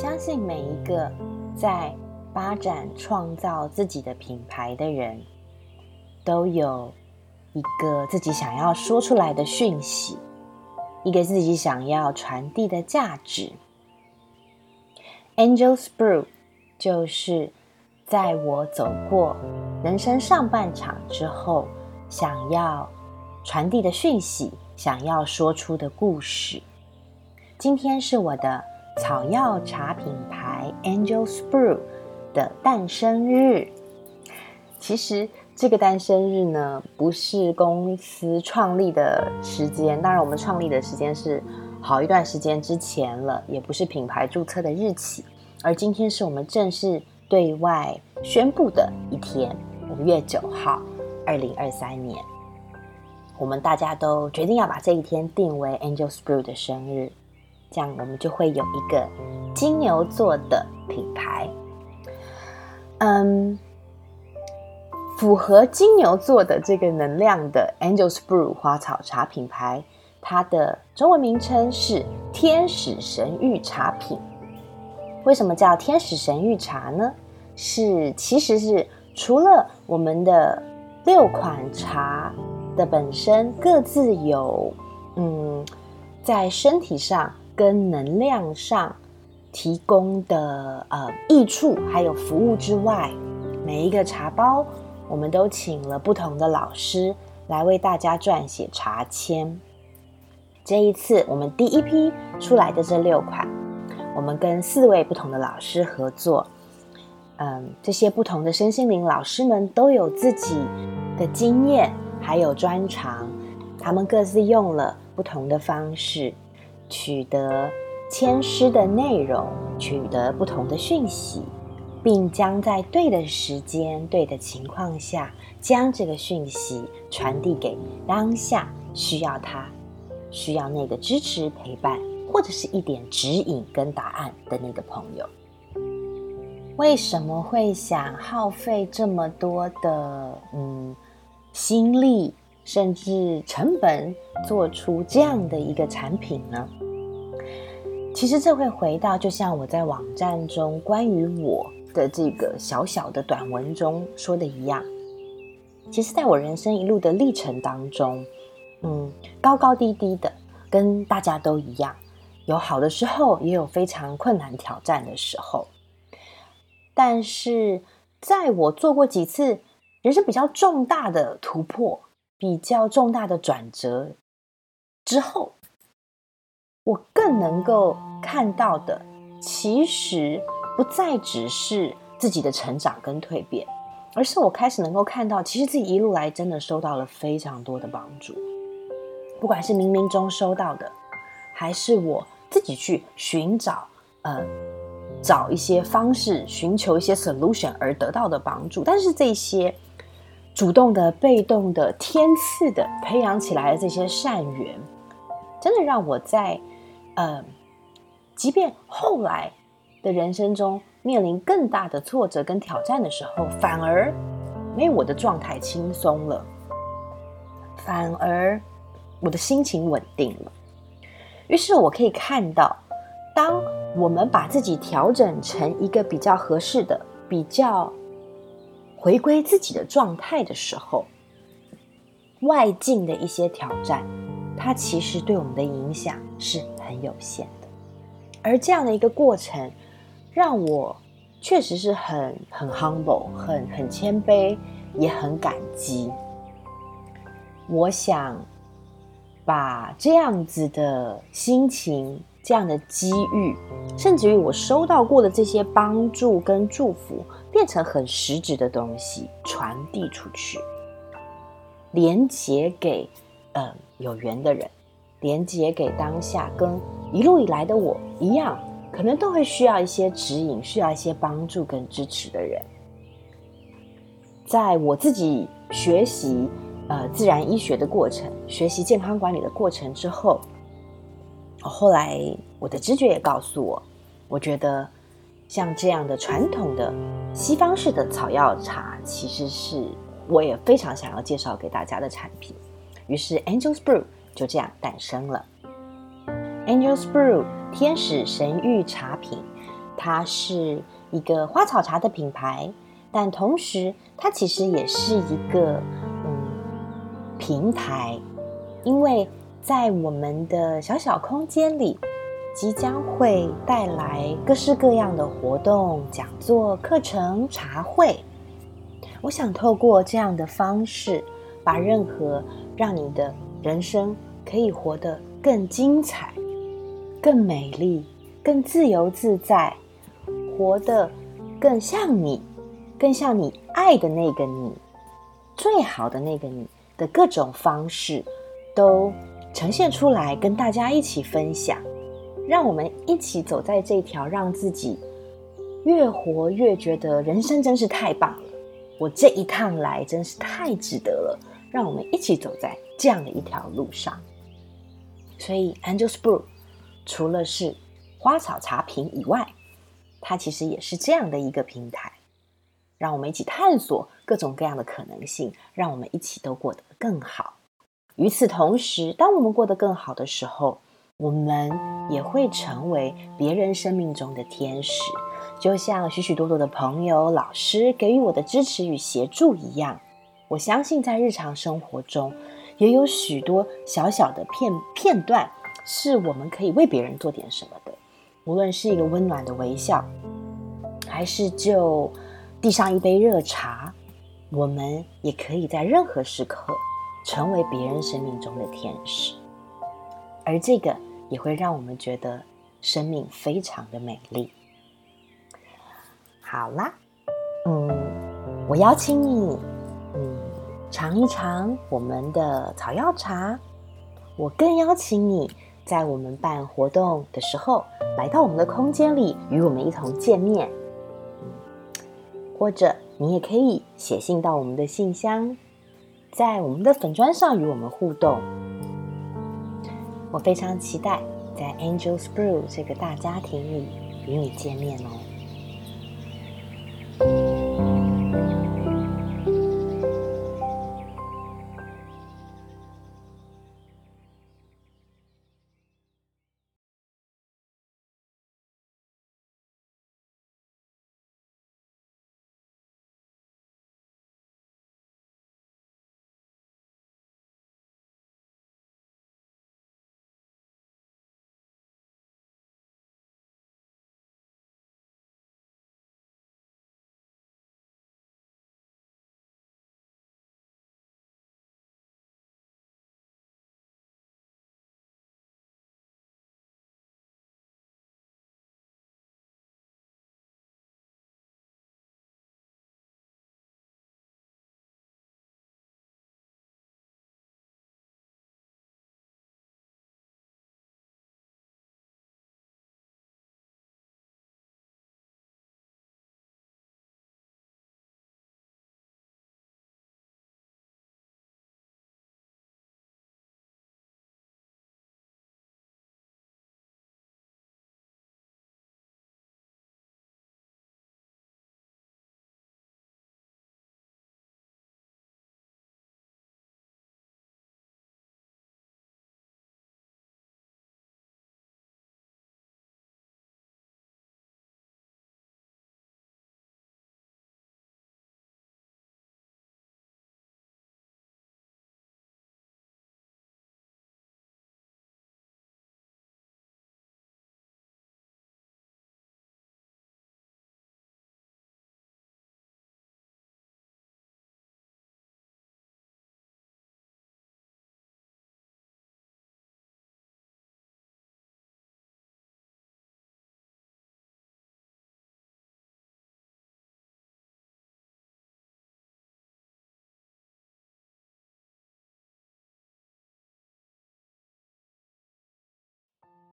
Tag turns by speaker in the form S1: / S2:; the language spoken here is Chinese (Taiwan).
S1: 相信每一個在發展、創造自己的品牌的人，都有一個自己想要說出來的訊息，一個自己想要傳遞的價值。Angel's Brew 就是在我走過人生上半場之後，想要傳遞的訊息，想要說出的故事。今天是我的。草藥茶品牌 Angel's Brew 的誕生日，其實這個誕生日呢，不是公司創立的時間，當然我們創立的時間是好一段時間之前了，也不是品牌注冊的日期，而今天是我們正式對外宣布的一天，五月九號，二零二三年，我們大家都決定要把這一天定為 Angel's Brew 的生日。這樣我們就會有一個金牛座的品牌，嗯，符合金牛座的這個能量的 Angel's Brew 花草茶品牌，它的中文名稱是天使神諭茶品。為什麼叫天使神諭茶呢？是其實是除了我們的六款茶的本身各自有嗯，在身體上，跟能量上提供的呃益處，還有服務之外，每一個茶包，我們都請了不同的老師來為大家撰寫茶籤。這一次我們第一批出來的這六款，我們跟四位不同的老師合作，嗯、呃，這些不同的身心靈老師們都有自己的經驗，還有專長，他們各自用了不同的方式。取得籤詩的內容，取得不同的訊息，並將在對的時間、對的情況下，將這個訊息傳遞給當下需要他、需要那個支持陪伴，或者是一點指引跟答案的那個朋友。為什麼會想耗費這麼多的嗯心力？甚至成本做出這樣的一個產品呢？其實這會回到，就像我在網站中關於我的這個小小的短文中說的一樣，其實在我人生一路的歷程當中，嗯，高高低低的，跟大家都一樣，有好的時候，也有非常困難挑戰的時候。但是，在我做過幾次人生比較重大的突破。比較重大的轉折之後，我更能夠看到的，其實不再只是自己的成長跟蛻變，而是我開始能夠看到，其實自己一路來真的收到了非常多的幫助，不管是冥冥中收到的，還是我自己去尋找呃，找一些方式，尋求一些 solution 而得到的幫助，但是這些。主動的、被動的、天賜的培養起來的這些善緣，真的讓我在，嗯、呃，即便後來的人生中面臨更大的挫折跟挑戰的時候，反而沒有，我的狀態輕鬆了，反而我的心情穩定了。於是，我可以看到，當我們把自己調整成一個比較合適的、比較。回歸自己的狀態的時候，外境的一些挑戰，它其實對我們的影響是很有限的。而這樣的一個過程，讓我確實是很很 humble，很很謙卑，也很感激。我想把這樣子的心情。這樣的機遇，甚至於我收到過的這些幫助跟祝福，變成很實質的東西，傳遞出去，連接給嗯、呃、有緣的人，連接給當下跟一路以來的我一樣，可能都會需要一些指引，需要一些幫助跟支持的人。在我自己學習呃自然醫學的過程，學習健康管理的過程之後。後來，我的直覺也告訴我，我覺得像這樣的傳統的西方式的草藥茶，其實是我也非常想要介紹給大家的產品。於是，Angel's Brew 就這樣誕生了。Angel's Brew 天使神諭茶品，它是一個花草茶的品牌，但同時它其實也是一個嗯平台，因為。在我們的小小空間裡，即將會帶來各式各樣的活動、講座、課程、茶會。我想透過這樣的方式，把任何讓你的人生可以活得更精彩、更美麗、更自由自在，活得更像你、更像你愛的那個你，最好的那個你的各種方式都呈現出來跟大家一起分享，讓我們一起走在這條讓自己越活越覺得人生真是太棒了。我這一趟來真是太值得了。讓我們一起走在這樣的一條路上。所以，Angel's Brew 除了是花草茶品以外，它其實也是這樣的一個平台，讓我們一起探索各種各樣的可能性，讓我們一起都過得更好。與此同時，當我們過得更好的時候，我們也會成為別人生命中的天使，就像許許多多的朋友、老師給予我的支持與協助一樣。我相信，在日常生活中，也有許多小小的片片段，是我們可以為別人做點什麼的。無論是一個溫暖的微笑，還是就遞上一杯熱茶，我們也可以在任何時刻。成為別人生命中的天使，而這個也會讓我們覺得生命非常的美麗。好啦，嗯，我邀請你，嗯，嘗一嘗我們的草藥茶。我更邀請你在我們辦活動的時候來到我們的空間裡與我們一同見面，或者你也可以寫信到我們的信箱。在我們的粉專上與我們互動，我非常期待在 Angel's Brew 這個大家庭裡與你見面哦。